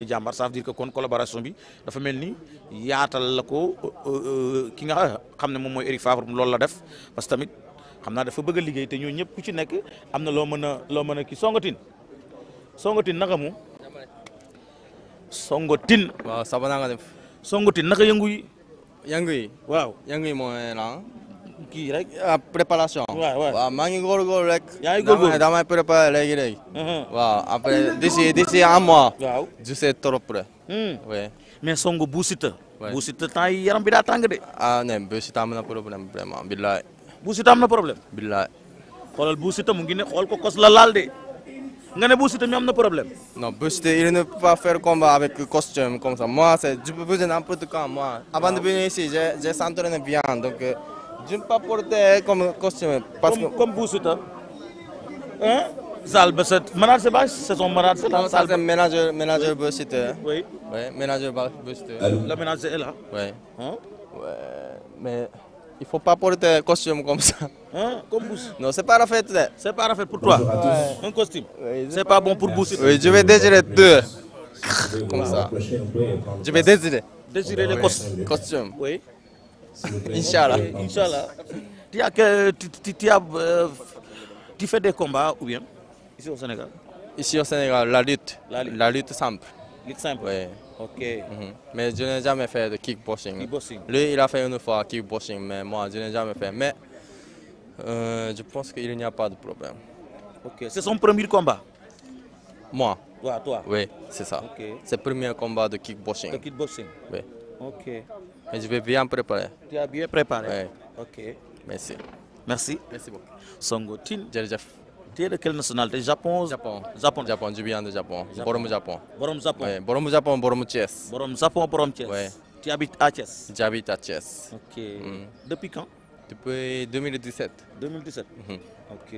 jàmbar ça veut dire que kon collaboration bi dafa mel ni yaatal la ko euh, euh, ki nga xam ne moom mooy Eric Favre loolu la def parce que tamit xam naa dafa bëgg a liggéey te ñoo ñëpp ku ci nekk am na loo mën a loo mën a kii songatin songatin naka mu songatin waaw saba naa nga def songatin naka yëngu yi yëngu yi waaw yëngu kii rek. Ah, préparation. waaw waaw maa ngi góorgóorlu rek. yaa ngi góorgóorlu damay préparé léegi léegi. Mm-hmm. waaw après d'ici d'ici un mois. waaw je sais trop près. Mm. oui. mais songu Bou Siteu. oui Bou Siteu temps yi yaram bi daa tàng de. a ah, nee Bou am na problème vraiment am na problème. billaay. xoolal Bou Siteu mu ngi ne xool ko kos la laal de. nga ne Bou Siteu mi na problème. non Bou Siteu il ne pas faire combat avec costume comme ça moi c'est je peux n'importe quand avant de venir ici j'ai bien donc. Euh, Je ne veux pas porter comme costume. Parce comme, que... comme Boussouta. Hein? Zal Besset. Ménage c'est pas saison ménage c'est dans Zal Besset. Ménageur, ménageur oui. Besset. Oui. Oui, ménageur Besset. La ménage est il faut pa porter costume comme ça. Hein? Comme Non, c'est pas la fête. C'est pas la fête pour toi. Ouais. Un costume. Oui, c'est pas, pas bon pour Boussouta. Oui, je vais désirer deux. Comme ça. Je vais désirer. Désirer les costumes. incha allah incha allah que tu tu as euh, tu des combats ou bien ici au au Sénégal la lutte. la lutte la lutte simple. lutte simple oui. Mhm. mais je n'ai jamais fait de kickboxing. kickboxing lui il a fait une fois kickboxing mais je n'ai jamais fait mais euh, je pense qu'il n'y a pas de problème. c'est son premier combat. moi. toi c'est ça. c'est premier combat de kickboxing. de kickboxing. Mais je vais bien préparer. Tu as bien préparé. Oui. OK. Merci. Merci. Merci beaucoup. Songo Tine. Jërëjëf. Tu es de quelle nationalité? Japon. Japon. Japon. Japon. Je viens de Japon. Borom Japon. Borom Japon. Oui. Borom Japon, Borom Thiès. Borom Japon, Borom Thiès. Oui. Tu habites à Thiès? J'habite à Thiès. OK. Mm. Depuis quand? Depuis 2017. 2017. Mm -hmm. OK.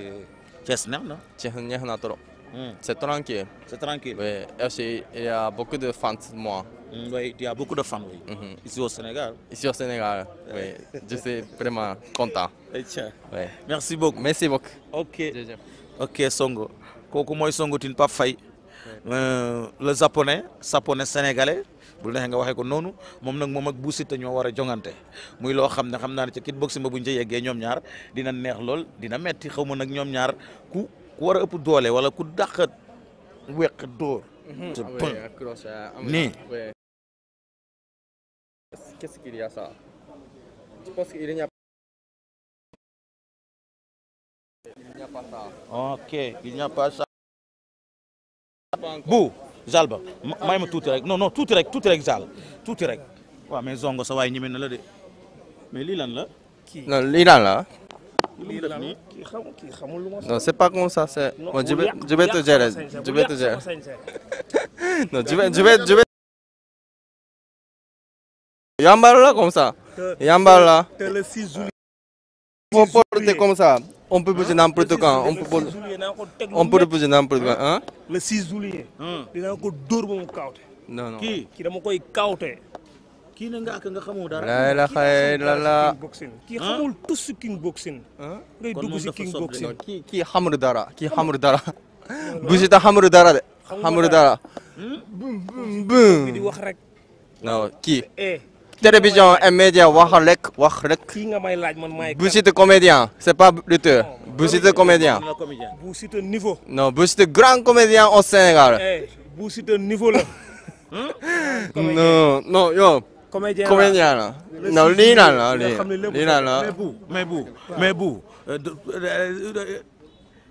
Thiès neex na. Thiès neex na trop. Mm. C'est tranquille. C'est tranquille. Oui. Aussi, il y a beaucoup de fans de moi. Mm, oui, il y a beaucoup de fans, oui. Mm -hmm. Ici au Sénégal. Ici au Sénégal, oui. Je suis vraiment content. Eh, Merci beaucoup. Merci beaucoup. Ok. Ok, Songo. kooku mooy Songo Tine Pape Faye. Euh, le japonais japonais sénégalais. bu neexee nga waxee ko noonu moom nag moom ak Bou Siteu ñoo war a jongante muy loo xam ne xam naa ne ca kickboxing ba bu ñu ca yeggee ñoom ñaar dina neex lool dina metti xaw ma nag ñoom ñaar ku ku war ëpp doole wala ku dàq weq dóor. Mhm. Ah nii. 키스끼리야 싸 치퍼스끼리냐 Il n'y a ma tuuti rek non non tuuti rek tuuti rek zal tuuti rek waaw mais zongo sa waay ñeme na la de mais lii lan la. kii non lii lan la. lii lan la kii xamul kii xamul lu Yambal là comme ça. Yambal là. le 6 juillet. On peut porter comme ça. On peut poser n'importe quand. On peut on peut poser n'importe quand. Hein? Le 6 juillet. Hmm. dinaa ko dóor ba mu kaawte. non non kii kii dama koy kaawte. kii na nga ak nga xamoo dara. la la xay la la. kii xamul tous si king boxing. ngay dugg si king boxing. kii kii xamul dara kii xamul dara. bu si tax xamul dara de. xamul dara. bu bu bu. di wax rek. non kii. Eh. télévision et média wax rek wax rek. kii nga may laaj man maay. Bou Siteu comédien c'est pas lutteur. Bou Siteu comédien. Bou non Bou Siteu grand comédien au Sénégal. Eh, Bou Siteu niveau la. Hmm? non non yow. comédien la non lii naan la lii naan la mais bu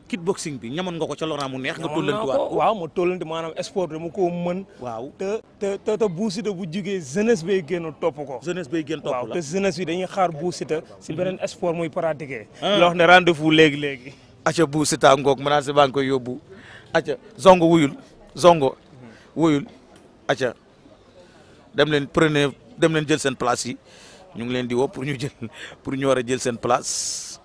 kickboxing bi ñamoon nga ko ca Laurent mu neex. nga tollanti waat waaw ma tollanti maanaam sport dama koo mën. waaw te te te te Bou Siteu bu jugee jeunesse bay génn topp ko. jeunesse bay génn topp la te jeunesse bi dañuy xaar Bou Siteu si beneen mhm. sport muy pratiquer. Ah. loo xam ne rendez-vous léegi léegi. acca Bou Siteu ngoog mën naa si baa ngi koy yóbbu acca zongo wuyul zongo wuyul acca dem leen prenez dem leen jël seen place yi ñu ngi leen di woo pour ñu jël pour ñu war a jël seen place.